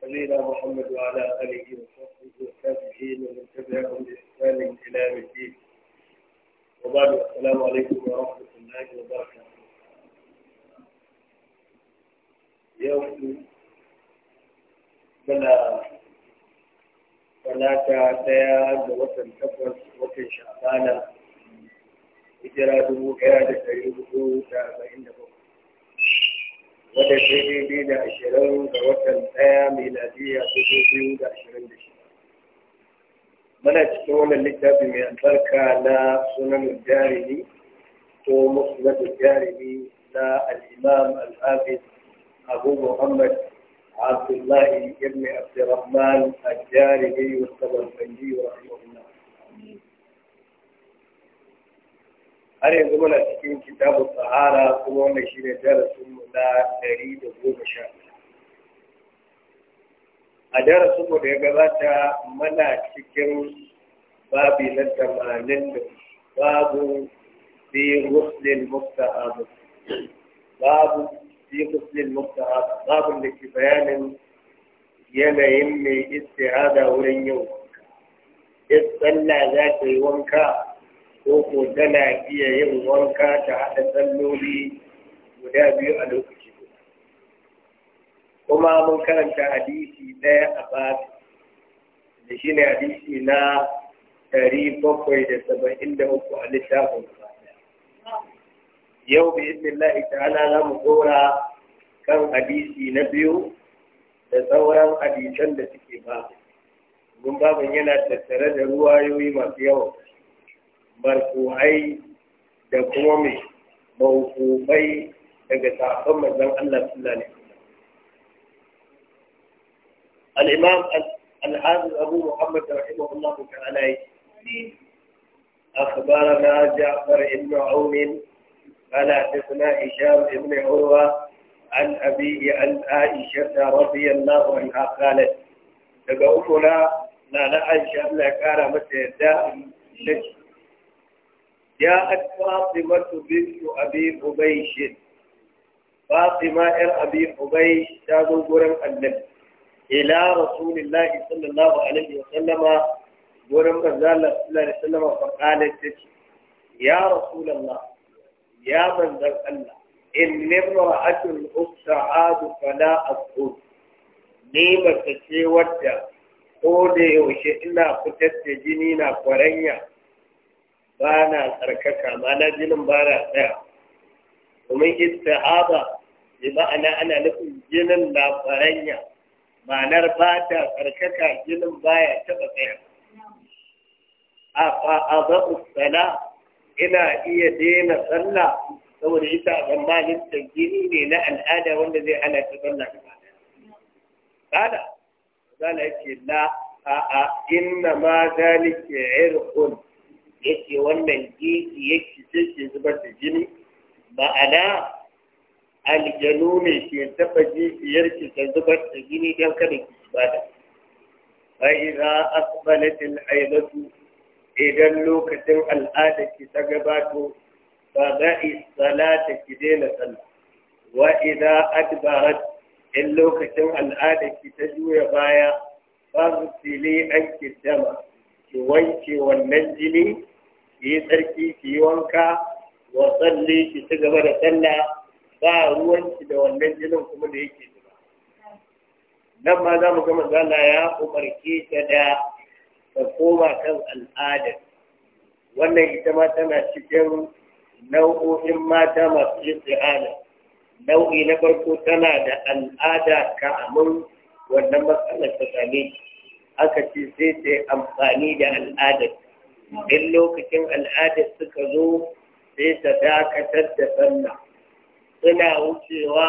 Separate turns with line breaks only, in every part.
سيدنا محمد وعلى آله وصحبه وسلم ومن تبعهم بإحسان إلى يوم الدين وبعد السلام عليكم ورحمة الله وبركاته يوم بلا ثلاثة ديا وطن تفرس وطن شعبانا hijira dubu ɗaya da ɗari wadda ke daidai da ashirin ga watan ɗaya miladiya dubu biyu da ashirin da shida. Muna cikin wannan littafi mai albarka na sunan jarumi ko musnad jarumi na al-imam abu muhammad عبد الله بن عبد الرحمن الجارمي والسمرقندي رحمه الله har yanzu muna cikin kitabun sahara kuma wannan shi ne darasinmu na ɗari da goma sha a darasinmu da ya gabata muna cikin babi na tamanin da babu fi muslim abu babu fi muslim abu babun da ke bayanin yanayin mai istihada wurin yau. ya sallah za ta yi wanka ko ko tana iya yin wanka ta haɗa salloli guda biyu a lokaci kuma mun karanta hadisi ɗaya a babu da shi ne hadisi na ɗari bakwai da saba'in da uku a littafin yau bi ita ta'ala za mu gora kan hadisi na biyu da sauran hadisan da suke ba mun babin yana tattare da ruwayoyi masu yawa marfu'ai da kuma mai mawqufai daga sahabban manzon Allah sallallahu alaihi wasallam al-imam al-hafiz abu muhammad rahimahullahu ta'ala أخبرنا جعفر بن عون قال حدثنا هشام بن عروة عن أبيه عن عائشة رضي الله عنها قالت تقولنا لا لا عائشة لا كان متى جاءت فاطمة بنت أبي حبيش فاطمة إر أبي حبيش تابو قرم النبي إلى رسول الله صلى الله عليه وسلم قرم الله صلى الله عليه وسلم فقالت يا رسول الله يا من ذا الله إن امرأة أستعاد فلا أقول نيمة تشي ودى قولي وشئنا فتت جنينا قرنيا ba na tsarkaka na jinin ba na tsaya domin istihaba bi ma'ana ana nufin jinin na faranya ma'anar ba ta tsarkaka jinin baya taɓa tsaya a fa'aza ina iya daina sallah saboda ita a tsammanin ta gini ne na al'ada wanda zai hana ta sallah gaba ɗaya. Kada, zala ce la a'a inna ma zalike irkun yake wannan gigi yake sai zubar da jini ma'ana aljanu ne ke taɓa jijiyar ki ta zubar da jini don kada ki ba da fa idza asbalat al-aidatu idan lokacin al'ada ki ta gabato fa ba'i salata ki daina sallah wa idza adbarat in lokacin al'ada ki ta juya baya fa sili an ki dama ki wanke wannan jini ki yi tsarki ki yi wanka wa tsalli ki ci gaba da sallah ba ruwanki da wannan jinin kuma da yake zuba nan ma za mu ga manzala ya umarke ta da ta koma kan al'adar wannan ita ma tana cikin nau'o'in mata masu isti'ana nau'i na farko tana da al'ada kamun wannan matsalar ta same aka ce sai ta amfani da al'adar in lokacin al'adar suka zo sai ta dakatar da sallah suna wucewa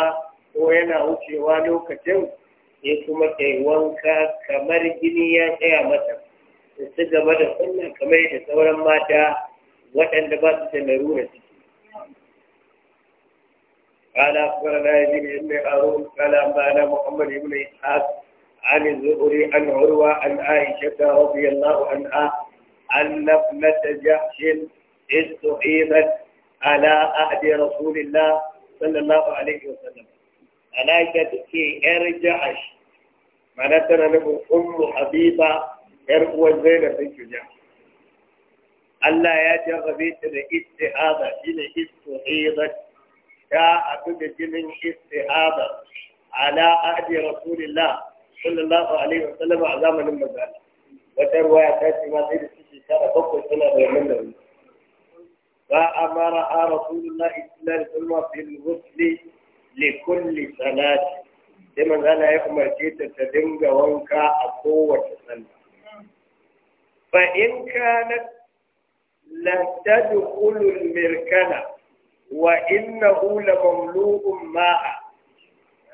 ko yana wucewa lokacin sai kuma kai wanka kamar gini ya tsaya mata da su gaba da sallah kamar da sauran mata waɗanda ba su da larura ciki قال أخبرنا يزيد بن هارون قال أنبأنا محمد بن إسحاق عن الزهري عن عروة عن عائشة رضي الله عنها اللفمة جحش استحيبت على أهد رسول الله صلى الله عليه وسلم أنا كتكي إرجعش منتنا نبو أم حبيبة إرقوة زينة في الجنة الله يأتي غبيت الاستحابة إلى استحيبة جاء كل جنة استحابة على أهد رسول الله صلى الله عليه وسلم أعظام المزالة wata ruwaya ta ce ma sai da su shekara bakwai suna da wannan nauyi ba amara a rasulullahi sallallahu alaihi wasallam fil ghusli li kulli salati sai manzo Allah ya umarce ta ta dinga wanka a kowace sallah fa in kanat la tadkhulu al mirkana wa innahu la mamlu'un ma'a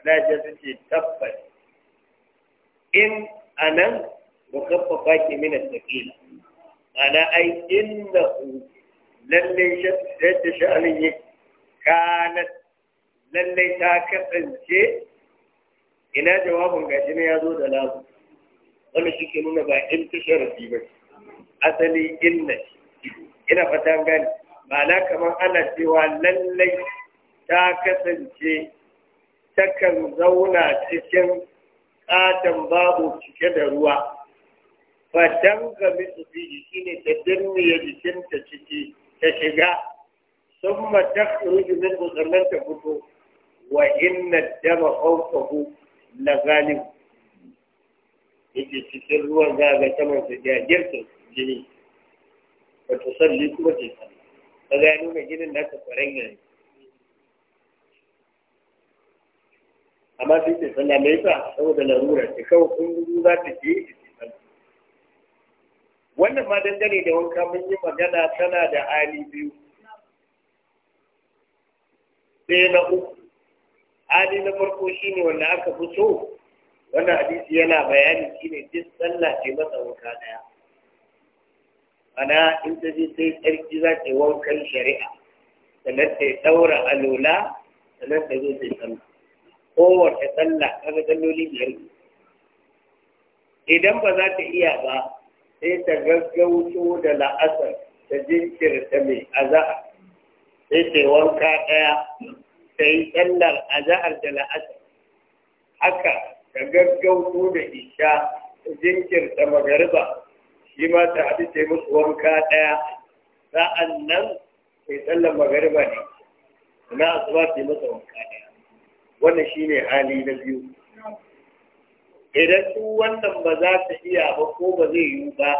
da ta ce tabbas in anan mukaffafa ki min al-thaqila ana ai innahu lalle yadda sha'anin ne. kanat lalle ta kasance ina jawabin gashi ne ya zo da lamu wanda shi ke nuna ba in ta sharafi ba asali inna ina fatan gani ma'ana kamar ana cewa lallai ta kasance takan zauna cikin katon babu cike da ruwa fa danga mitu fihi shine ta danne jikinta ciki ta shiga thumma takhruju minhu sannan ta fito wa inna dama fawqahu la ghalib yake cikin ruwan zaga saman su ya girka jini ba ta salli kuma ce salli ka ga nuna ginin naka kwaren yanzu amma sai ce sallah mai sa saboda larura ce kawo kun gudu za ta je wannan ma dangane da wanka mun yi magana tana da hali biyu sai na uku hali na farko shi ne wanda aka fi so wannan hadisi yana bayani shi ne duk sallah ce masa wanka daya ana in ta je sai tsarki za ta yi wankan shari'a sannan ta yi ɗaura alola sannan ta zo ta yi sallah kowace sallah kaga salloli biyar idan ba za ta iya ba sai ta gaggauto da la'asar ta jinkirta mai aza'a sai ta wanka ɗaya ta yi tsallar aza'ar da la'asar haka ta gaggauto da isha ta jinkirta magariba shi ma ta haɗu ta yi musu wanka ɗaya sa'an nan ta yi tsallar magariba ne na asuba ta yi masa wanka ɗaya wannan shine hali na biyu idan su wannan ba za ta iya ba ko ba zai yi ba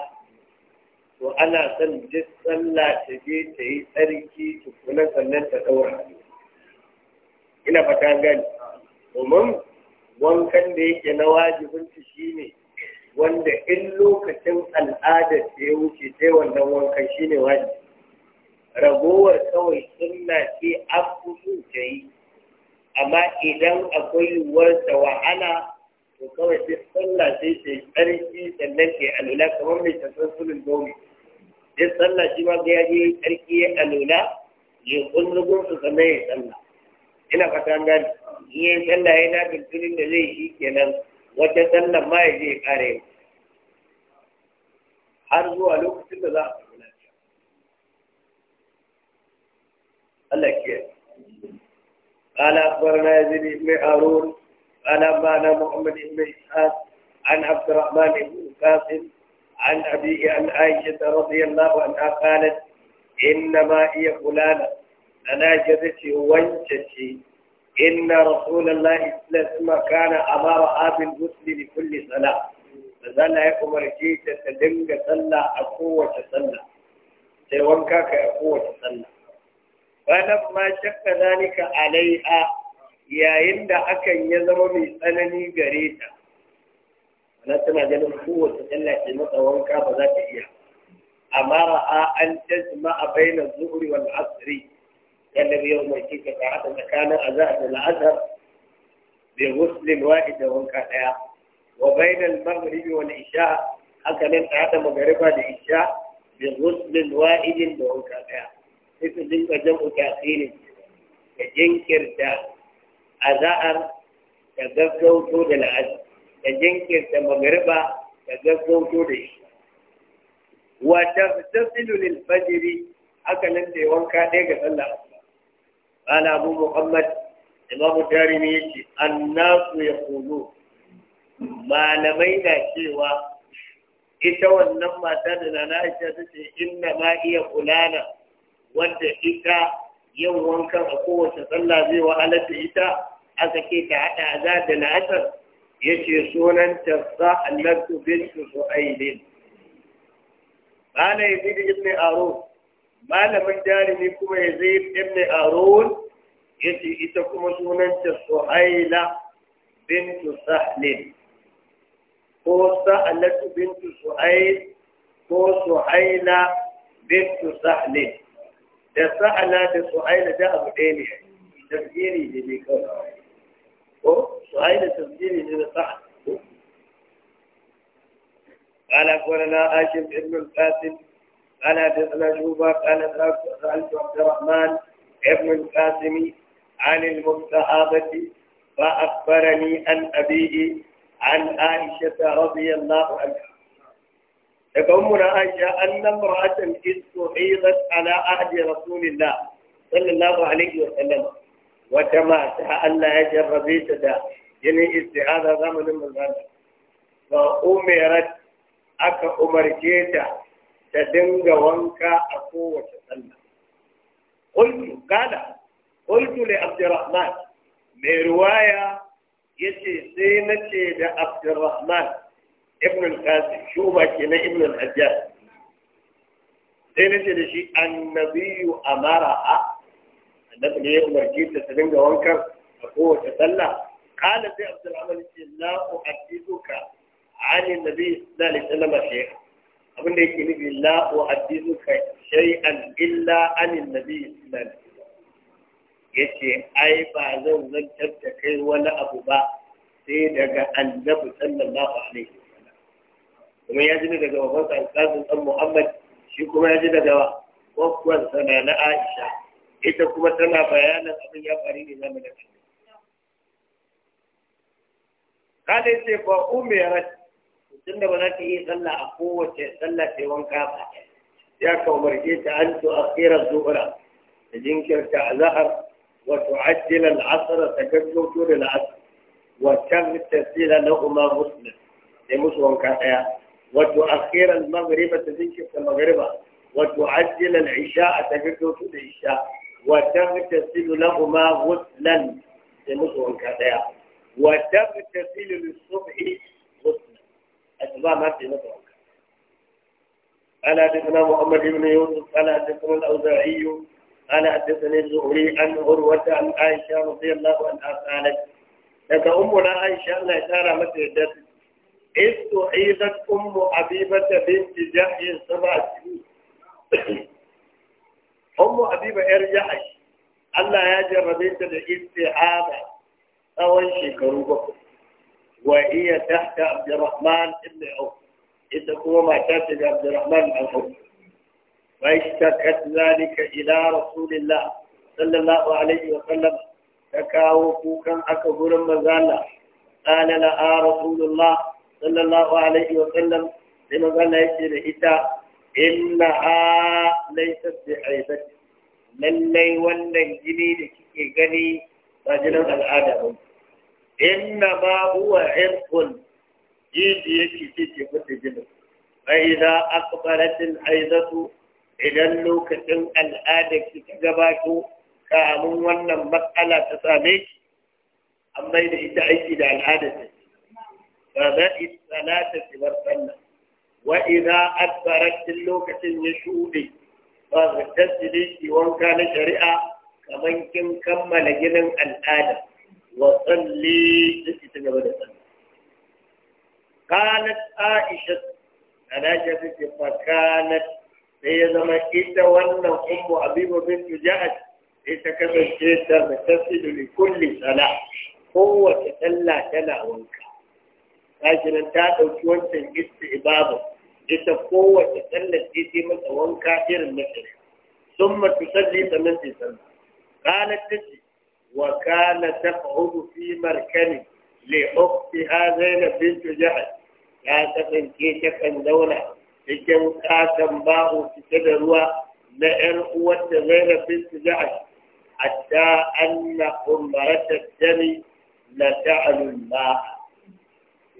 to ana son duk sallah ta je ta yi tsarki tukuna sannan ta ɗaura ina fata gani domin wankan da yake na wajibinci shi ne wanda in lokacin al'adar ta ya wuce ta yi wannan wankan shi ne wajibi ragowar kawai sunna ce an fi ta yi amma idan akwai yiwuwar ta wahala to kawai sai sallah sai ta yi ƙarfi sannan ta yi alula kamar mai tafiyar sulun domi sai sallah shi ma ga ya je ƙarfi ya alula ya kunzugun su sannan ya sallah ina fata an gani in ya yi sallah ya na tuntunin da zai shi kenan wata sallah ma ya je ya ƙara yi har zuwa lokacin da za a samu lafiya Allah ke قال أخبرنا يزيد بن هارون قال أنبانا محمد بن إسحاق عن عبد الرحمن بن قاسم عن أبيه عن عائشة رضي الله عنها قالت إنما هي فلانة أنا جدتي وانشتي إن رسول الله صلى الله عليه وسلم كان أمرها بالغسل لكل صلاة فزال يقوم رجيت تدنج صلى أقوة صلى سيوانكاك أقوة صلى فلما شك ذلك عليها yayin da hakan ya zama mai tsanani gare ta ana tana ganin kowace sallah ce masa wanka ba za ta iya amma ra'a an tajma a bainar zuhri wal asri kallar yau mai kika ta hada tsakanin azhar da al'asar bi ghuslin wahid da wanka daya wa bainal maghrib wal isha haka nan ta hada magariba da isha bi ghuslin wahid da wanka daya sai su dinga jam'u tasirin da jinkirta azahar da gaggauto da la'asar da jinkirta magariba da gaggauto da shi wata tafsilu lil fajri haka nan da wanka ɗaya ga sallah qala abu muhammad imam tarihi yace annasu yaqulu malamai na cewa ita wannan mata da nana Aisha tace inna ma iya kulana wanda ita yin wankan a kowace sallah zai wahalar ita a sake ta haɗa za da la'asar ya ce sunan su allatu bintu su'ailin malai bin ibn aro. malamin jarumi kuma ya zai ibn Aro ya ce ita kuma sunanta su'aila bintu sahlin ko su bintu su'ail ko su'aila bintu sahlin da sa'ala da su'aila da abu ɗaya ne tasiri ne ne kawai ko su'aila tasiri ne da sa'ala قال أخبرنا هاشم بن القاسم قال حدثنا شوبة قال سألت عبد الرحمن ابن القاسم عن المستحاضة فأخبرني عن أبيه عن عائشة رضي الله عنها تقومنا أن أن امرأة إذ تحيضت على عهد رسول الله صلى الله عليه وسلم وكما أن لا يجر بيتها يعني استعاذة زمن من ذلك فأمرت أكا أمرجيتا تدنج وانكا أقوة صلى قلت قال قلت لعبد الرحمن من رواية يتسينتي لعبد الرحمن ibn al-qasim shuba kenan ibn al-hajjaj sai na ce da shi annabiyu amaraha annabi ne ya umarci ta ta dinga Wankar, a kowace sallah kala sai abdul amal ce la uhaddithuka ani nabi sallallahu alaihi wasallam shay'a abin da yake nufi la uhaddithuka shay'an illa ani nabi sallallahu alaihi yace ai ba zan zantar da kai wani abu ba sai daga annabi sallallahu alaihi kuma ya ji daga babansa alƙasin ɗan muhammad shi kuma ya ji daga wakwan sana na aisha ita kuma tana bayanin abin ya faru ne zama da kan kada ce fa umirat tunda ba za ta iya sallah a kowace sallah sai wanka ba ya ka umarce ta an to akhira zuhra da jinkirta azhar wa tu'ajjil al-asr ta gaggauto da al-asr wa na lahum muslim sai musu wanka daya وتؤخر المغرب تذكر المغرب وتعجل العشاء تجده في العشاء وتغتسل لهما غسلا يمسهم كذا وتغتسل للصبح غسلا أتباع ما في مصر على حدثنا محمد بن يوسف على حدثنا الأوزاعي على حدثني الزهري عن عروة عن عائشة رضي الله عنها قالت لك أمنا عائشة لا ترى متى أخيلت أم أبيبة بنت جحش سبع سنين أم أبيبة إر جحش الله يجر بنت الاستعانة أول شيء كروبة وهي تحت عبد الرحمن بن عوف إذا هو ما تاتي عبد الرحمن بن عوف واشتكت ذلك إلى رسول الله صلى الله عليه وسلم تكاوفوا كان أكبر مزالا قال لها رسول الله sallallahu alaihi wa sallam sai magana yake da ita inna laysat bi aibat lallai wannan jini da kike gani ba jinin al'ada ba inna ma huwa irqun jiji yake ce ke fita jinin fa idza aqbalat al aidatu idan lokacin al'ada ki ta gabato kamun wannan matsala ta same ki an bai da ita aiki da al'ada فذا الصلاة تبرسلنا وإذا أدبرت اللوكة يشودي فاغتسلي وان كان شريعة كمن كم كمل جنن الآدم وصلي تتجبل قالت عائشة أنا جبت فكانت هي زمان إذا وانا أم أبيب بنت جاءت إذا كانت تغتسل لكل صلاة قوة تلا تلا وانكا kashirin ta ɗauki wancan isti ibabu ita kowace tsallar ce wanka irin na sun matu sallai sannan ce sannan kana ta ce wa kana ta fahimu fi markani le ha zai bintu jihar ta kasance ta kan zauna cikin kasan bahu fita da ruwa na ƴan uwarta zai na bintu jihar hatta an na umarata jani na ta'alun ma'a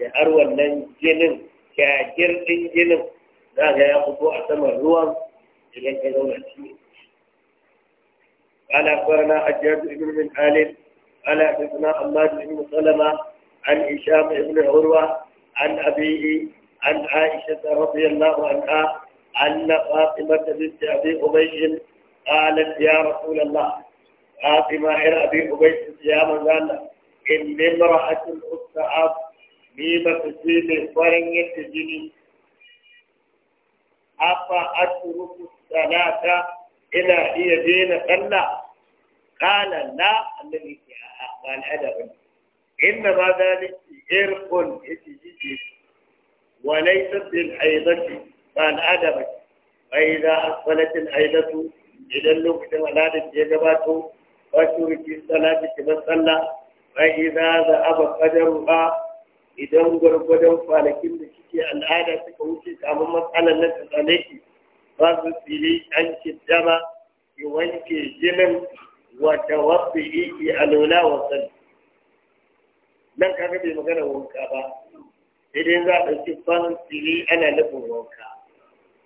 da har wannan كاجر kyakir ɗin jinin za ga ya fito a saman ruwan قال أخبرنا حجاج بن من آل قال حدثنا حماد بن سلمة عن هشام بن عروة عن أبيه عن عائشة رضي الله عنها أن فاطمة بنت أبي أبي قالت يا رسول الله فاطمة إلى أبي أبي يا مزال إني امرأة أستعاب ni ba su ce mai kwarin yadda jini afa atruku salata ina iya daina sallah qala la annabi ya ba al'adab inna ma zalika irqun yatiji wa laysa bil haidati ba al'adab fa idza asfalat al haidatu idan lokacin al'adar ya gabato fa shurki salati kibar za a idza za'aba ba. idan gwargwadon kwanakin da suke al'ada suka wuce samun matsalar na tsanaki, ba su tsiri an ki dama ki wanke jinin wata wasu ki a nuna wasan nan kaga bai magana wanka ba idan za a ɗauki fan tsiri ana nufin wanka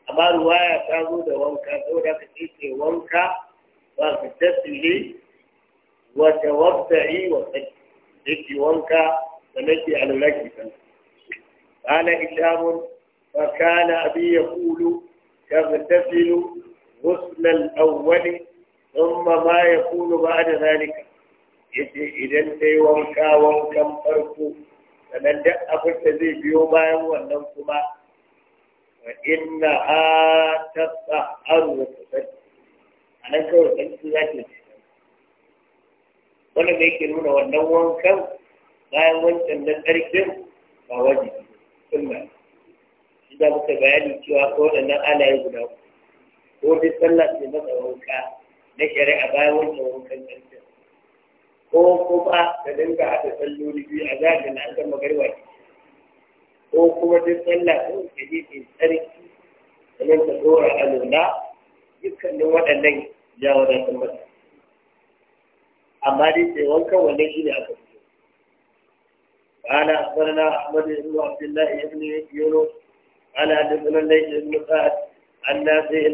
amma ruwaya ta zo da wanka saboda ka ce wanka ba su tsiri wata wasu wa salli yake wanka sannan ki alwala mun makana قال هشام فكان أبي يقول يغتسل غسل الأول ثم ما يكون بعد ذلك yace idan ta yi wanka wankan farko sannan duk zai biyo bayan wannan kuma wa inna ha ta tsa'aru wa tsarki a nan kawai tsarki za ke wannan da yake nuna wannan wankan bayan wancan na ƙarfin ba waje sunna shi da muka bayani cewa ko waɗannan yi guda ko dai sallah ce masa wanka na shari'a bayan wancan wankan ƙarfin ko kuma da dinga haɗa salloli biyu a zaɓin na an gama garwa ko kuma duk sallah ko ta je ta tsarki nan ta ɗora a luna dukkanin waɗannan ya wadatar mata amma dai sai wankan wannan shi ne aka fi قال أخبرنا أحمد بن عبد الله بن يونس قال حدثنا الليث بن سعد عن نافع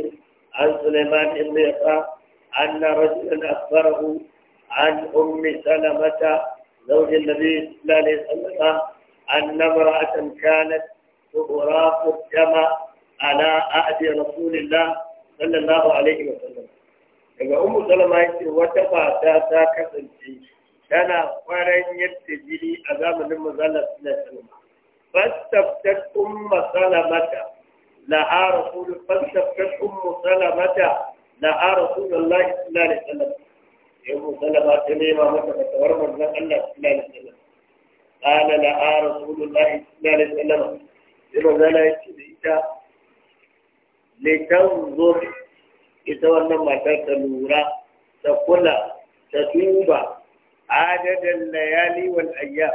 عن سليمان بن يسار أن رجلا أخبره عن أم سلمة زوج النبي صلى الله عليه وسلم أن امرأة كانت تغراق الدم على عهد رسول الله صلى الله عليه وسلم. daga umu salama yake wata mata ta tana kwaran yadda jini a zamanin mazalar suna salma fastabtat umma salamata laha rasul kun ummu salamata laha rasulullah sallallahu alaihi wasallam sai mu salama ta nema mata fatawar mazan Allah ana na wasallam qala Allah rasulullah suna da wasallam sai manzon ya ce da ita zo ita wannan matar ta lura ta kula ta duba عدد الليالي والأيام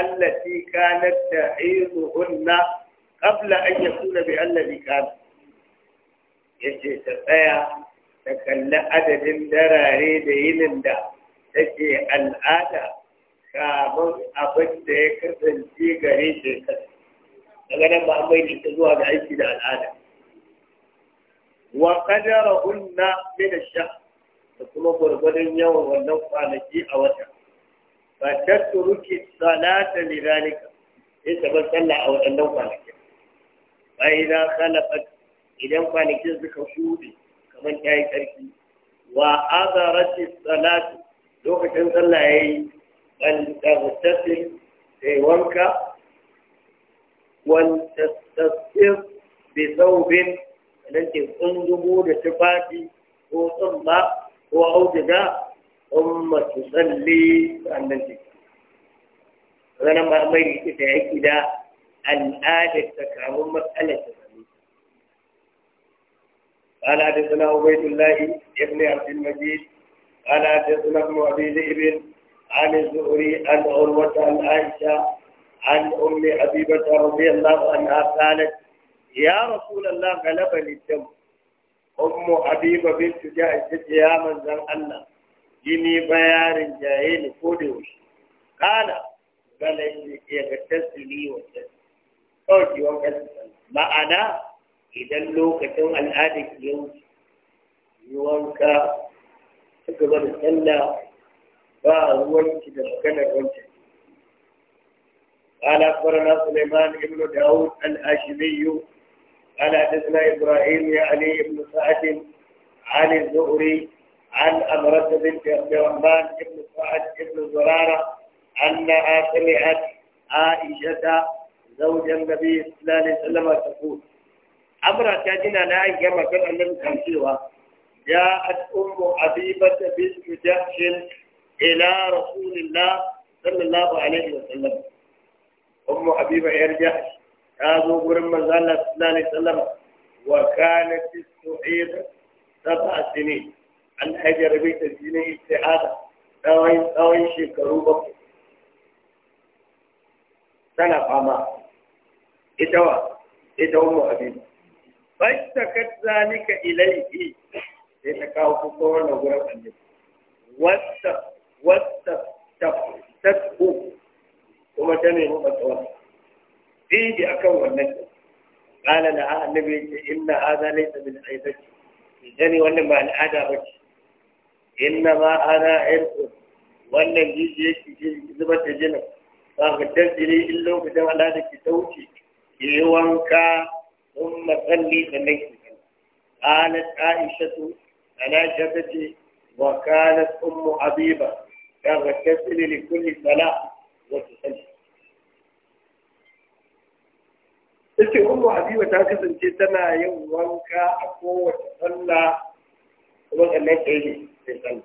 التي كانت تعيضهن قبل أن يكون الذي كان يجي تطيع تكلا عدد دراري دين دا تجي الآن كامل أبد ديك تنسي غري ديك لأن ما أمين بعيش دا الآن وقدرهن من الشهر da kuma gwargwadon yawan wannan kwanaki a wata ba tattu ruki salata li zalika sai ta bar sallah a waɗannan kwanaki fa idan khalaqat idan kwanakin suka shuɗe kamar ta yi ƙarfi wa azarati salatu lokacin sallah yayi bal taghtasil sai wanka wal tastasir bi thawbin nan ke kundugo da tufafi ko tsumma هو أوجد ثم تصلي فأمن تكفي أنا ما أمري إذا إلى الآن تكرم مسألة قال حدثنا عبيد الله بن عبد المجيد قال حدثنا ابن أبي ذئب عن الزهري عن عروة عن عائشة عن أم حبيبة رضي الله عنها قالت يا رسول الله غلبني الدم ummu habiba Bintu ja'i ta ce ya manzan Allah jini bayarin jaye ni ko da yaushe kana galai ya ga tasiri wa ɗauki wankan ma'ana idan lokacin al'ada ke yau yi da ba ruwanki da maganar wancan قال أخبرنا سليمان بن داود الهاشمي قال حدثنا إبراهيم يا علي بن سعد عن الزهري عن أمرة بنت عبد الرحمن بن سعد بن زرارة أنها سمعت عائشة زوج النبي صلى الله عليه وسلم تقول أمرة تجينا لا كما كان النبي كان جاءت أم حبيبة بنت جحش إلى رسول الله صلى الله عليه وسلم أم حبيبة إلى جحش ta zo gurin manzo sallallahu alaihi wasallam wa fi tu'id sab'a sinin an hajarabe ta jinin isti'ada tsawon tsawon shekaru bakwai tana fama ita wa ita umu abin bai ta katza nika ilaihi sai ta kawo kuka wannan gurin annabi wasta wasta ta ta kuma ta nemi matsawa fihi akan wannan qala la annabi yace inna hadha laysa min aibati yani wannan ba al'ada ba inna ma ana irku wannan jiji yake zubar da jinin ba ka tasiri in lokacin ki ta ke wanka ثم صلي فليس كذا قالت عائشة أنا جدتي وكانت أم حبيبة تغتسل لكل صلاة وتصلي Iske umu Habiba ta kasance tana yin wanka a kowace sallah kuma waɗannan ɗaya ne sai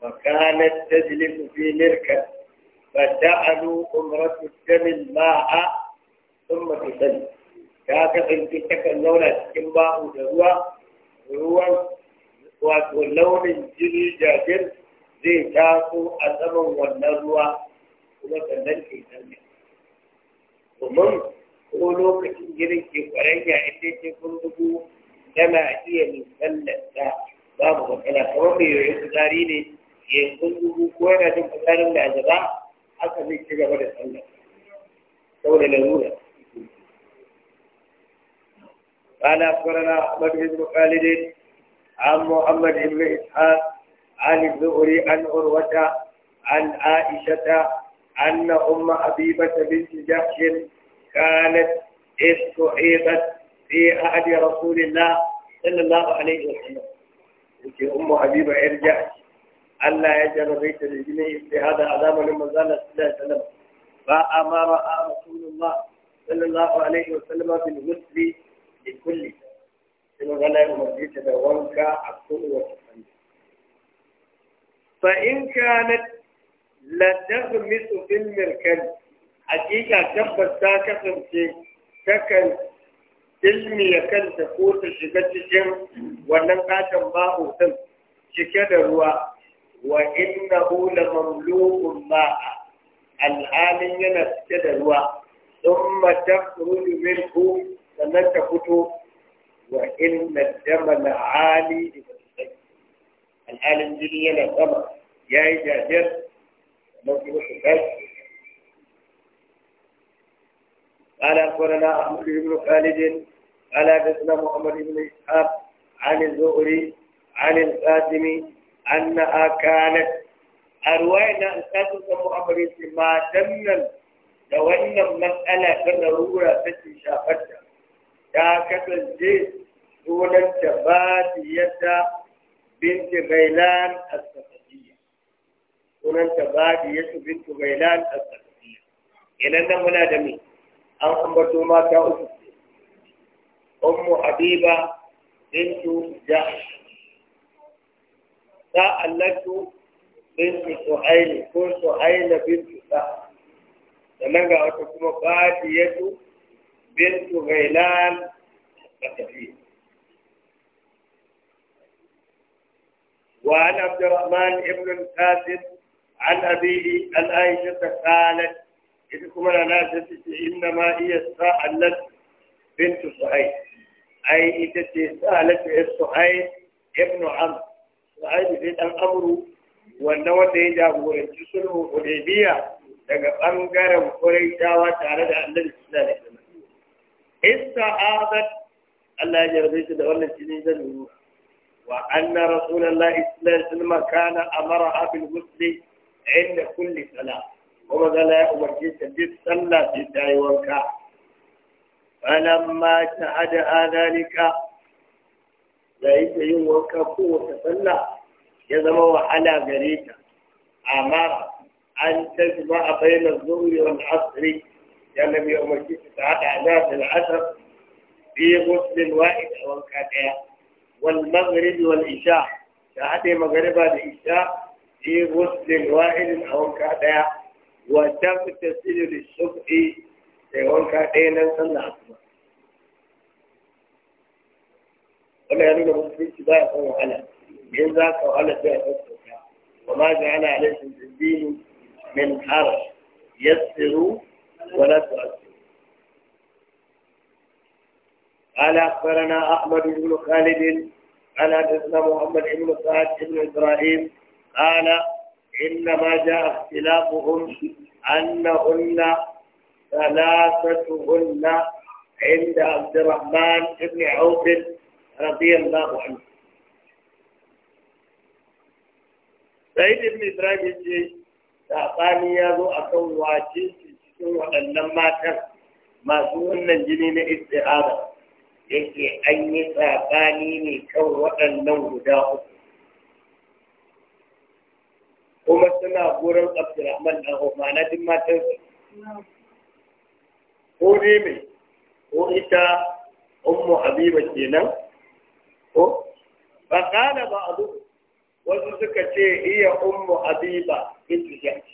makanar ta jilifu fi nirka ba ta alu umaratu jamil ma'a sun mafi sani ta kasance ta kan launa cikin bahu da ruwa ruwan wato launin jini jajir zai taso a saman wannan ruwa kuma sannan ke sani. Kuma ko lokacin jirin ke kwaranya ita ce kun dubu tana iya misallar ta babu matsala kamar mai yi fitsari ne ya kun dubu ko yana jin fitsarin da ajaba haka zai ci gaba da sallar saboda larura قال أخبرنا أحمد بن خالد عن محمد بن إسحاق عن الزهري عن عروة عن عائشة أن أم حبيبة بنت جحش كانت إذ في أهل رسول الله صلى الله عليه وسلم أنت أم حبيبة ارجع ألا يجعل بيت الجنيه في هذا العذاب لما زال صلى الله عليه وسلم فأمر رسول الله صلى الله عليه وسلم بالغسل لكل إنه غلا يوم الجيش دوانك فإن كانت لتغمس في المركز hakika tabbas ta kasance takan ilmiya kanta ko ta shiga cikin wannan katon babu din cike da ruwa wa innahu la mamlu'un ma'a alhalin yana cike da ruwa thumma takhruju minhu sannan ta fito wa inna dama la ali alhalin jini yana sama yayi jajir sannan kuma ta قال أخبرنا عمرو بن خالد قال حدثنا محمد بن إسحاق عن الزهري عن القاسم أنها كانت أروينا القاسم محمد ما تمنا لو أن المسألة كضرورة التي شافتها ta kasance sunanta Badiyata binti Gailan al-Sakatiyya. Sunanta Badiyatu binti Gailan al-Sakatiyya. Idan nan muna da me? أو أم بدوما أم حبيبة بنت جحش سألت بنت سهيل كن سهيل بنت سهل لما أتكم فاتية بنت غيلان فتحيل وعن عبد الرحمن ابن الكاتب عن أبيه عن قالت ita kuma na ta ce inna ma iya sa'alat bintu su'ai ai ita ce sa'alat ya su'ai ibnu am su'ai da dan amru wanda wanda ya jagoranci sulhu hudaybiya daga bangaren quraishawa tare da annabi sallallahu alaihi wasallam ista'adat Allah ya yarda shi da wannan jini da nuna wa anna rasulullahi sallallahu alaihi wasallam kana amara bil musli inda kulli salat kuma zala ya umarci ta duk sallah sai ta yi wanka falamma ta hada adalika yayin da yin wanka kowace sallah ya zama wahala gare ta amma an zuba a bainar zuhri wal asri ya nabi umarci ta hada da al'asr fi ghusl wa'id a wanka daya wal maghrib wal isha ta hada magriba da isha fi ghusl wa'id a wanka daya wa tagtasilu da subhi sai wanka ɗaya nan sallah asuba wannan ya nuna musulunci ba ya san wahala in za ka wahala sai a sassauta wa ma ja'ala alaikum min min yassiru wa la tu'assiru قال أخبرنا أحمد بن خالد قال حدثنا محمد بن سعد بن إبراهيم قال إنما جاء اختلافهم أنهن ثلاثتهن عند عبد الرحمن بن عوف رضي الله عنه سيد بن إبراهيم يجي saɓani ya zo a kan wace cikin waɗannan matan masu wannan jini na istihara yake an yi ne kan waɗannan guda uku kuma suna gurin Abdulrahman dan Umar na din matan ko dai mai ko ita ummu habiba kenan ko fa qala ba'du wasu suka ce iya ummu habiba bintu jahsh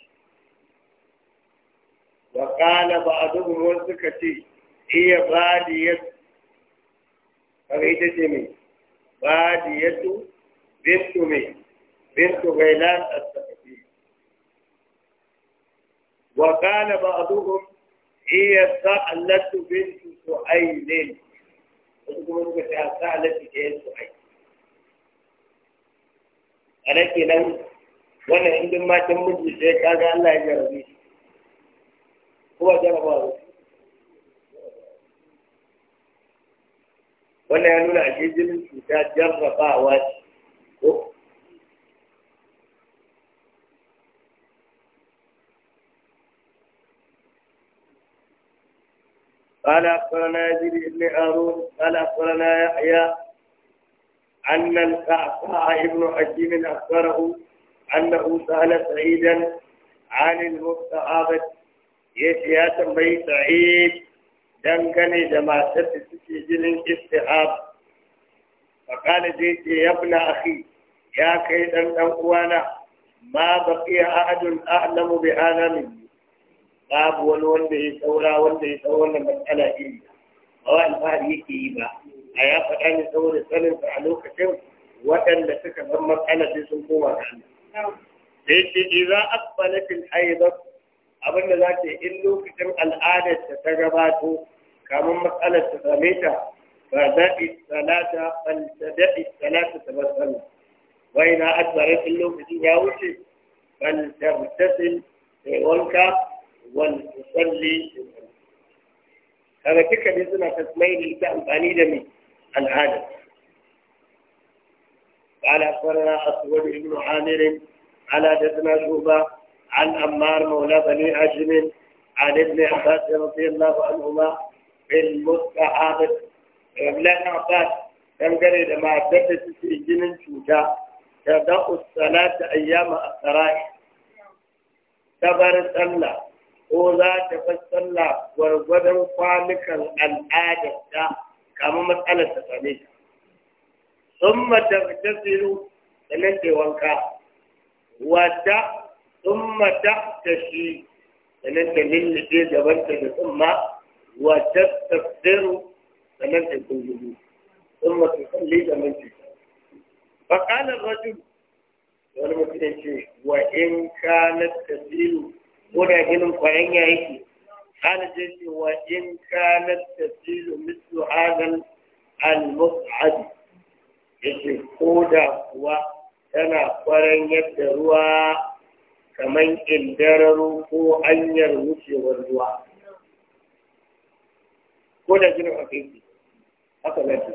wa qala ba'du wasu suka ce iya badiyat kaga ita ce mai badiyatu bintu mai bintu gailan as وقال بعضهم هي سألت بنت سعيد وتقول لك يا سألت هي سعيد أنا كنا وانا عندما تمت بشيء كان الله يجربي هو جربه wannan ya nuna ashe jinin cuta jarrabawa ce ko قال أخبرنا يزيد بن أرون قال أخبرنا يحيى أن القعقاع بن حكيم أخبره أنه سأل سعيدا عن المستعابة يحيى تنبي سعيد دنكني جماعة ستجل استحاب فقال زيد يا ابن أخي يا كيد أن أخوانا ما بقي أحد أعلم بهذا مني babu wani wanda ya saura wanda ya saura wannan matsala iri ba wa alfahari yake yi ba a ya faɗa ne saboda saninsa a lokacin waɗanda suka san matsala sai sun koma ga Allah sai ce idan aqbalatil haidar abinda za ta yi in lokacin al'adar ta ta gabato kamar matsalar ta same ta ba daɗi salata ban ta daɗi salata ta bar sallah wai na adbarar in lokacin ya wuce ban ta mutasin sai wanka والمصلي هذا كيف كان يسمى تسمين الكأم أنيدم العالم قال أخبرنا أسود بن عامر على جدنا شوبة عن أمار مولى بني أجم عن ابن عباس رضي الله عنهما في المستحاب ابن عباس كان قال إذا ما عبدت في جن شوجا يبدأ الصلاة أيام الصلاة تبر الله ko za ta bar sallah gwargwadon kwanukan al'adarta kamar matsalar ta same ta sun tsiru da nake wanka wata sun mata ta shi da nake lullube gabanta da ma, wata tsiru da nake kungudu sun mata kalli da mace Bakanar rajin, wani mutum ya ce wa in kanat tasiru koda ginin kwayan ya yake kana ce ce wa in kana tafsiru mislu hadan al mus'ad yace koda kuwa tana kwaran yadda ruwa kamar indarar ko hanyar wucewar ruwa koda ginin hakiki haka lafi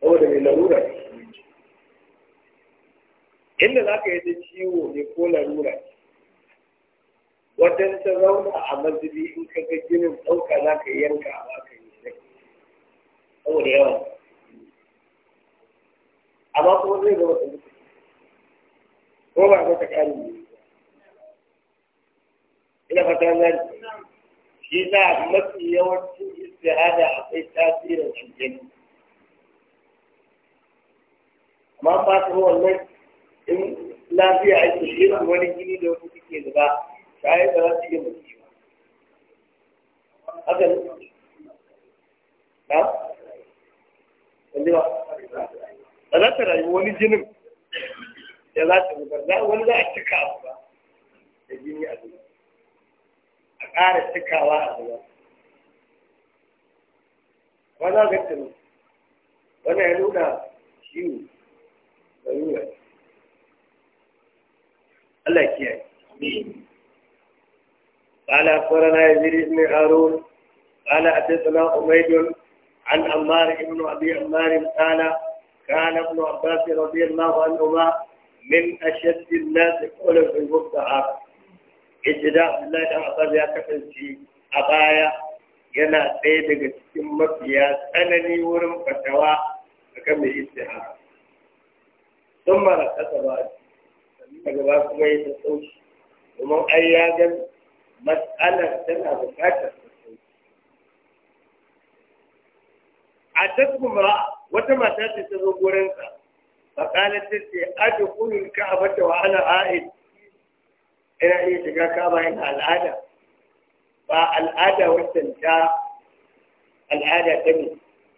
saboda mai larura ne inda za ka yi da ciwo ne ko larura wajen ta zauna a mazubi in ka ga ginin ɗauka za ka yanka a baka yi sai saboda yawa amma kuma zai zama ta mutu ko ba ka ta ƙari ne ina fata na shi a mafi yawancin istihada akwai tasirin shi amma ba ta wannan in lafiya ake irin wani gini da wasu suke zuba shayi ba za su iya mutu ba haka ne na wani ba ba za ta rayu wani jinin da za ta zubar za wani za a cika abu ba da gini a zuba a ƙara cikawa a zuba ba za ka tuni wani ya nuna ciwo da nuna الله يكيعي قال أخبرنا يزيد بن هارون قال حدثنا أميد عن عمار بن أبي عمار قال كان ابن عباس رضي الله عنهما من أشد الناس قولا في المستعار إجداء الله بن يا كفنسي أبايا ينا سيدك daga يا mafiya ورم wurin fatawa a ثم mai istihara daga ba kuma ya sassauci domin ai ya ga matsalar tana bukatar sassauci a tasbumra wata mata ce ta zo gurinsa faƙalar ta ce adkhulul ka'bata wa ana a'id ina iya shiga kaba ina al'ada ba al'ada wancan ta al'ada ta ne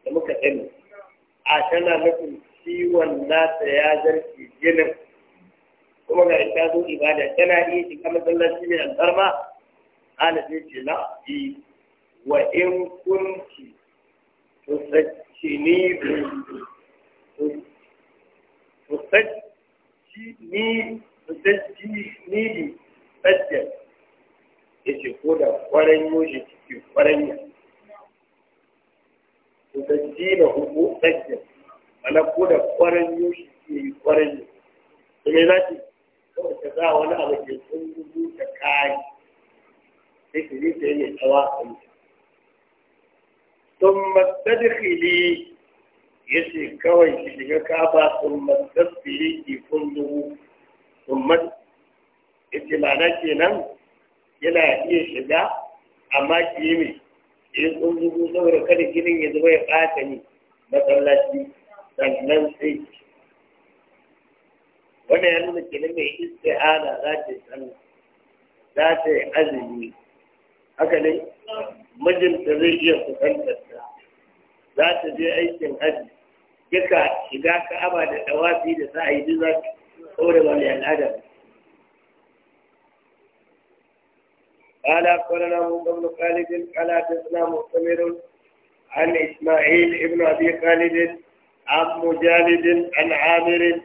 da muka sani a tana nufin ciwon nasa ya zarce jinin kuma ga ta zo ibada tana iya shiga masallaci ne alfarma ana sai ce na. yi wa in kunki tusaccini tusaccini tusaccini sajjan ya ce ko da kwaran yoshi ciki kwaran ya tusaccini hukun sajjan mana ko da kwaran yoshi ciki kwaran ya to me za ta kawai ka za wani abu ke sun gudu da kayi sai ki zai ta yi mai tsawa a yi sun mastadikili ya ce kawai ki shiga kaba sun mastadikili ki kun dubu sun mat itimana kenan yana iya shiga amma ki yi mai in sun dubu saboda kada ginin ya zuba ya ɓata ni masallaci sannan sai ki wannan ya nuna kenan mai isti'ada za ta san za ta yi azumi haka ne mijinta zai iya kusantar ta za ta je aikin hajji duka shiga ka'aba da tawafi da za a yi duk za ta ɗaure wani al'ada قال أخبرنا من قبل خالد قال حدثنا مؤتمر عن إسماعيل ابن أبي خالد عن مجالد عن عامر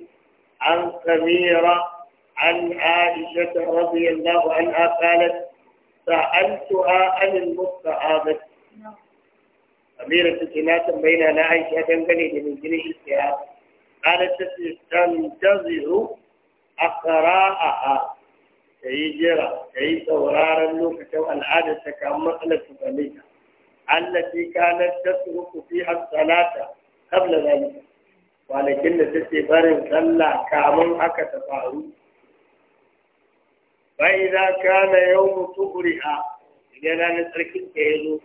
عن سميرة عن عائشة رضي الله عنها قالت سألتها عن المستحابة أميرة الجنات بين عائشة دنقلي من جنيه الكهاب قالت تنتظر أقراءها كي جرى كي تورار اللوكة والعادة كمقلة بنيها التي كانت تترك فيها الصلاة قبل ذلك kwanakin da take barin sallah kamun haka ta faru bai za ka yau mutu ƙuri'a idan ranar tsarkin ka ya zo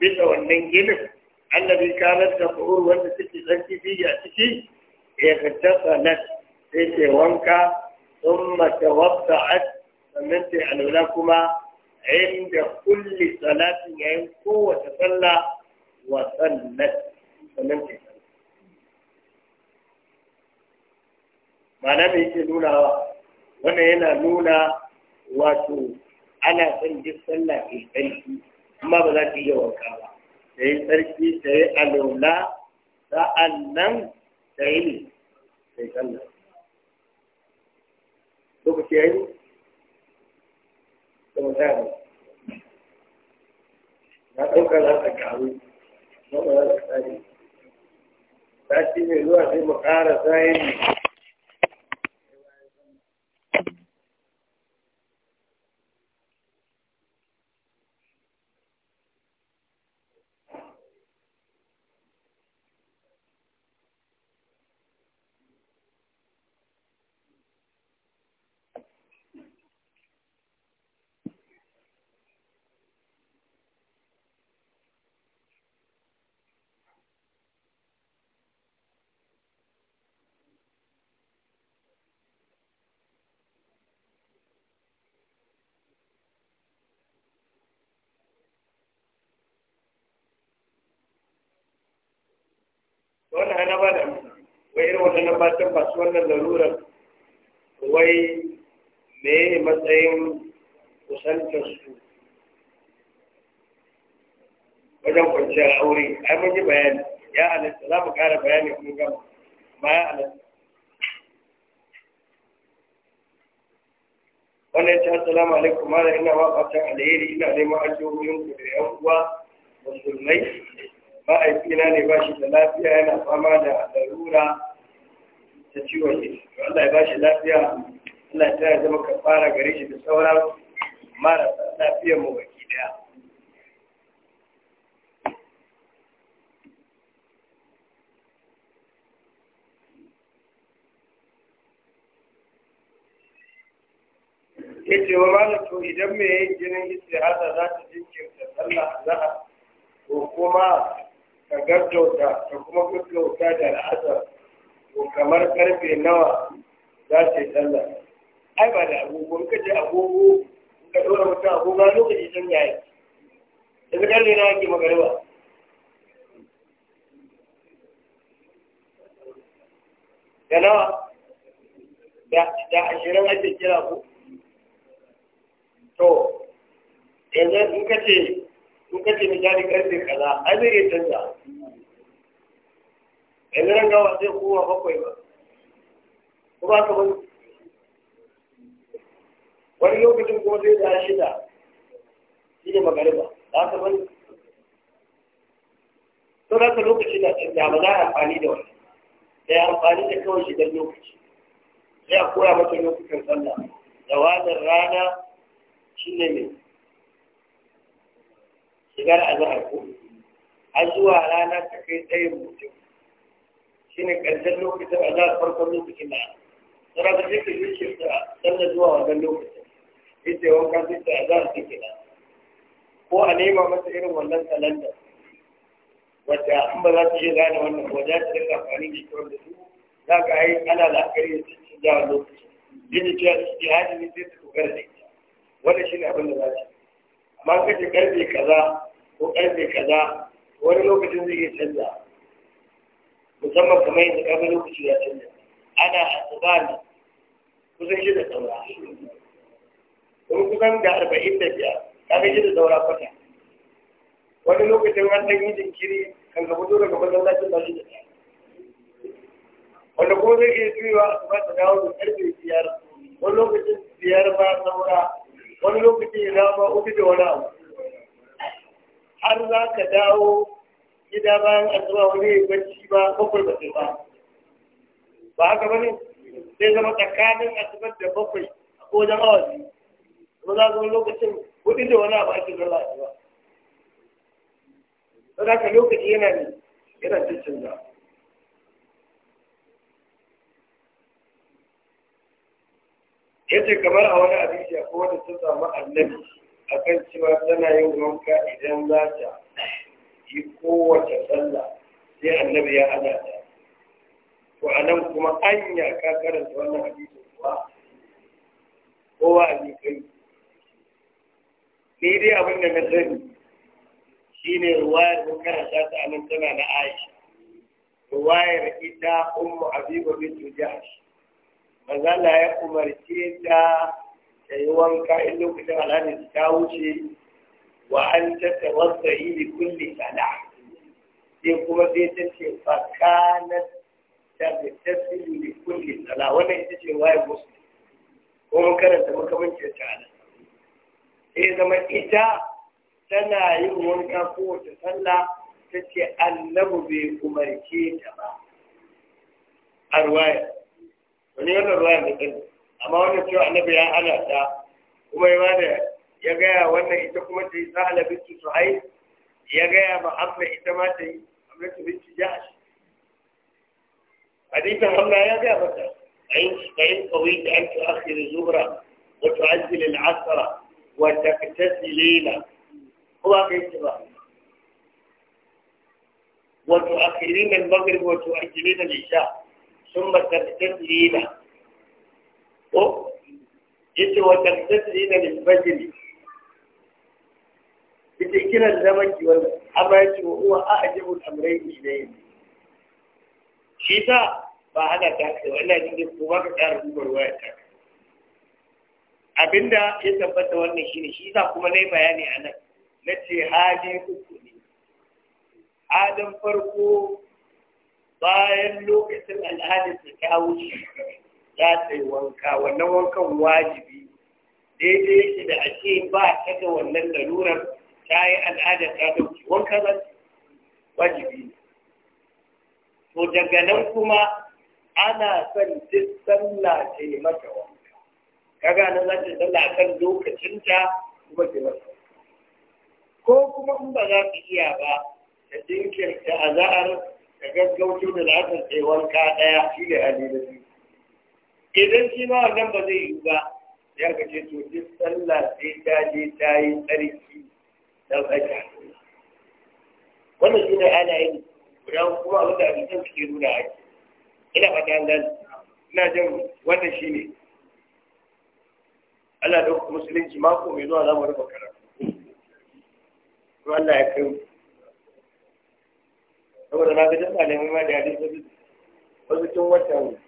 bisa wannan ginin annabi kanar da fa'ur wanda take tsarki fiye a ciki ya fita sanat sai ke wanka sun mata wata sannan a lura kuma inda kulli salatin yayin kowace sallah wa sannat sannan ma'ana me nuna nunawa wannan yana nuna wato ana son duk sallah ke tsarki amma ba za ta iya wanka ba da yi tsarki da yi alola sa'an nan da yi ne da yi sallah lokaci ya yi da mutane na ɗauka za ta karu na ba za ta tsari sati mai zuwa sai mu ƙara sayin wannan hana ba da amsa wai irin wannan na ta ba su wannan larurar wai me matsayin kusantar su wajen kwanciyar aure ai mun yi bayani ya halatta za mu ƙara bayani kuma gama ma ya halatta wannan ce assalamu alaikum da ina ma fatan alheri ina neman ajiyoyin ku da yan uwa musulmai Ba a yi ma'aikina ne ba shi da lafiya yana fama da larura ta ciwon shi Allah ya ba shi lafiya Allah ta yi zama fara gare shi da sauran marasa lafiyar mu baki daya yace wa malam to idan mai yayin isi istihada za ta jinkirta sallah za ko kuma ka gaggauta ka kuma gaggauta da al'adar to kamar karfe nawa za ta yi sallah ai ba da agogo in ka je agogo in ka dora mutum agogo lokaci sun yayi yanzu karfe nawa ke magariba da nawa da ashirin ake kira ku to yanzu in ka ce in kace misali karfe kaza ai zai iya canza yanzu nan gawa zai kowa bakwai ba ba ka bani wani lokacin kuma zai da shida shine magariba za ka bani to za ka lokaci na canza ba za a amfani da wani sai amfani da kawai shigar lokaci sai a koya mata lokacin sallah da wajen rana shi ne a azahar ko a zuwa rana ta kai tsaye mutum shi ne ƙarshen lokacin a farkon lokacin na tsara da jikin yake ta sannan zuwa wannan lokacin ita wanka sai ta a take da ko a nema masa irin wannan kalandar wacce an ba za su iya gane wannan wajen ta dinga amfani da ita wanda su za ka yi ana la'akari da cikin jawon lokacin? yin cewa cikin hajji ne sai su dogara da ita wannan shi ne abin da za ta amma kace karfe kaza ko da kaza wani lokacin zai iya canza musamman kamar yadda kamar lokaci ya canza ana asuba ne kusan shi da saura kuma kusan da arba'in da biyar kaga shi da saura kwata wani lokacin an ɗan yi jinkiri kan ka fito daga masallacin ba shi da ɗaya wanda kuma zai iya a kuma ta dawo da ƙarfe biyar wani lokacin biyar ba saura wani lokacin ya zama uku da wani abu har za ka dawo gida bayan asuba wani ya bacci ba bakwai ba sai ba ba haka ba ne sai zama tsakanin asubar da bakwai a kowajen awa Ba kuma za zama lokacin kuɗi da wani abu ake zama ba za ka lokaci yana ne yana cikin da yace kamar a wani abin ko wanda sun samu annabi akan cewa tana yin wanka idan za ta yi kowace sallah sai annabi ya hada ta to nan kuma anya ka karanta wannan hadisin kuwa kowa a kai ni dai abin da na sani shine ruwayar mun karanta ta anan tana na Aisha ruwayar ita ummu habiba bin jahsh manzo ya umarce ta da yi wanka in lokacin alhamis ta wuce wa an tatta wasa yi da kulle sana sai kuma sai ta ce fakanar ta bi tasiri da kulle sana wannan ita ce waye musu ko mun karanta makamancin ta ala sai zama ita tana yin wanka kowace sallah ta ce annabu bai umarce ta ba a ruwaya wani yana ruwaya da ɗan amma wannan cewa annabi ya hana ta kuma ya da ya gaya wannan ita kuma ta yi sahala bintu suhai ya gaya ma amma ita ma ta yi amlatu bintu ja'ash hadisin hamna ya gaya mata ayin fa'in qawiyyi an tu'akhir zuhra wa tu'ajjil al-'asra wa taktasili layla huwa kai ba وتؤخرين المغرب وتؤجلين العشاء ثم تغتسلين ko yace wa tasdina da fajr yace kiran zaman ki wannan amma yace wa huwa a'jabul amrayn ilayhi shi ta ba hana ta ce wannan din ko ba ka tsara rubar waya ta abinda ya tabbata wannan shine shi ta kuma nayi bayani nan, nace hali uku ne adam farko bayan lokacin al'adar ta wuce za wanka wannan wankan wajibi daidai shi da ake ba ta da wannan lalurar ta yi al'ada ta dauki wanka za wajibi to daga nan kuma ana son duk sallah ta yi mata wanka kaga nan za ta sallah kan lokacinta kuma ta mata ko kuma in ba za ta iya ba ta jinkirta azahar ta gaggauto da za ta tsaye wanka ɗaya shi da a idan shi ma wannan ba zai yi ba ya ka ce to duk sallah sai ta je ta yi tsarki da baka wannan shi ne ana yi guda kuma abin da abincin suke nuna ce ina ta nan ina jin wannan shi ne Allah da musulunci mako mai zuwa za mu rufe karatu ko Allah ya kai saboda na ga jama'a ne mai da hadisi wasu tun watan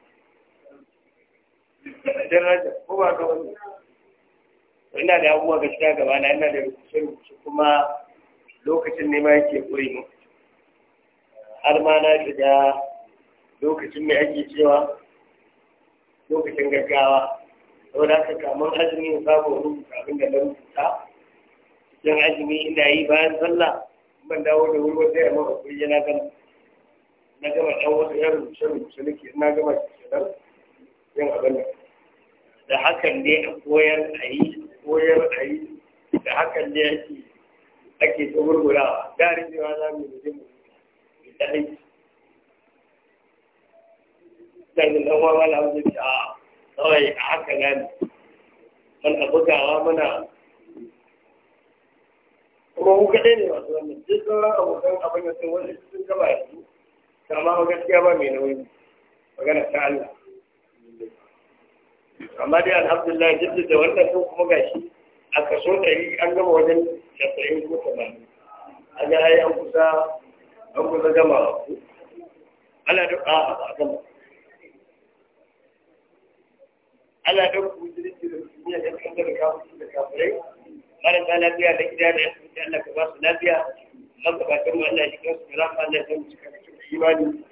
da daraja ko ba ga wani ina da abubuwa ga shiga gaba na ina da rubuce rubuce kuma lokacin ne ma yake koyi mu har ma na shiga lokacin mai ake cewa lokacin gaggawa da haka kamar azumi ya samu rubuta abin da na rubuta cikin azumi ina yi bayan sallah ban dawo da wuri wata yamma a kuri yana gana na gama ɗan wasu yan rubuce rubuce nake na gama shi yin abin nan da hakan ne a koyar a yi koyar a yi da hakan ne ake ake tsogurgurawa da rijewa za mu yi mu da aiki sai da uwa wala wajen ci a kawai a haka gani abu gawa mana kuma mu kaɗai ne masu wannan duk sauran abokan abin da sun wani sun gaba yanzu kama gaskiya ba mai nauyi magana ta Allah amma dai alhamdulillah duk da wannan sun kuma gashi a kaso ɗari an gama wajen shafayin ko tamanin a ga ai an kusa an kusa gama ala duk a a gama ala duk kujiri da duniya da kan da kafin da kafirai ta lafiya da gida da yanzu da Allah ka ba su lafiya magabatan mu Allah ya shiga, da rahama Allah ya san mu cika da imani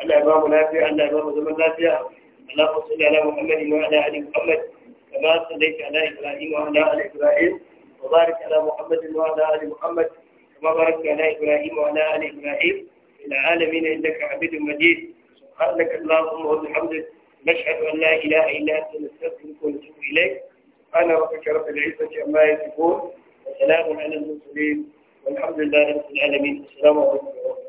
Allah ya ba mu lafiya Allah ya ba mu zaman lafiya اللهم صل على محمد وعلى ال محمد كما صليت على ابراهيم وعلى ال ابراهيم وبارك على محمد وعلى ال محمد كما باركت على ابراهيم وعلى ال ابراهيم في العالمين انك حميد مجيد سبحانك اللهم وبحمدك نشهد ان لا اله الا انت نستغفرك ونتوب اليك سبحان ربك رب العزه عما يصفون وسلام على المرسلين والحمد لله رب العالمين السلام عليكم ورحمه الله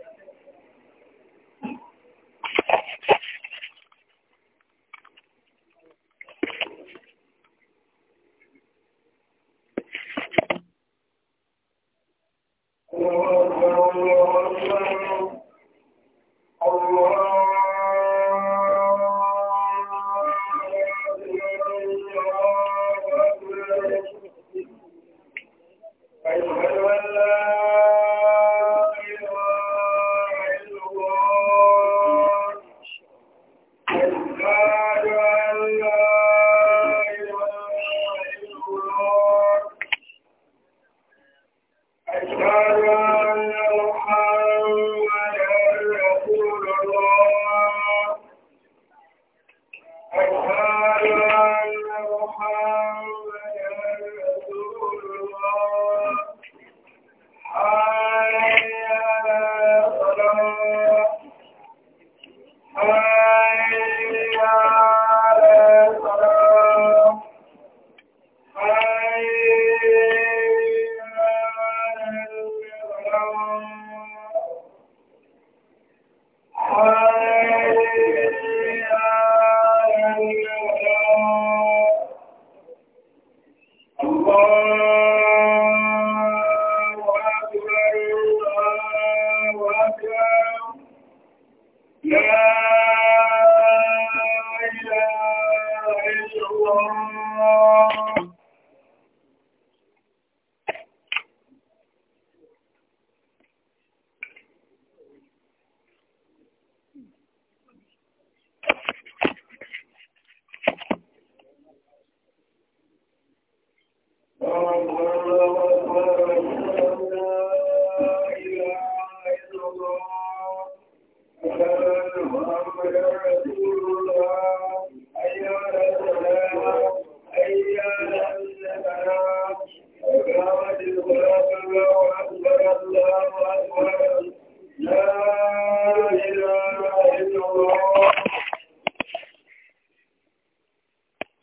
يوم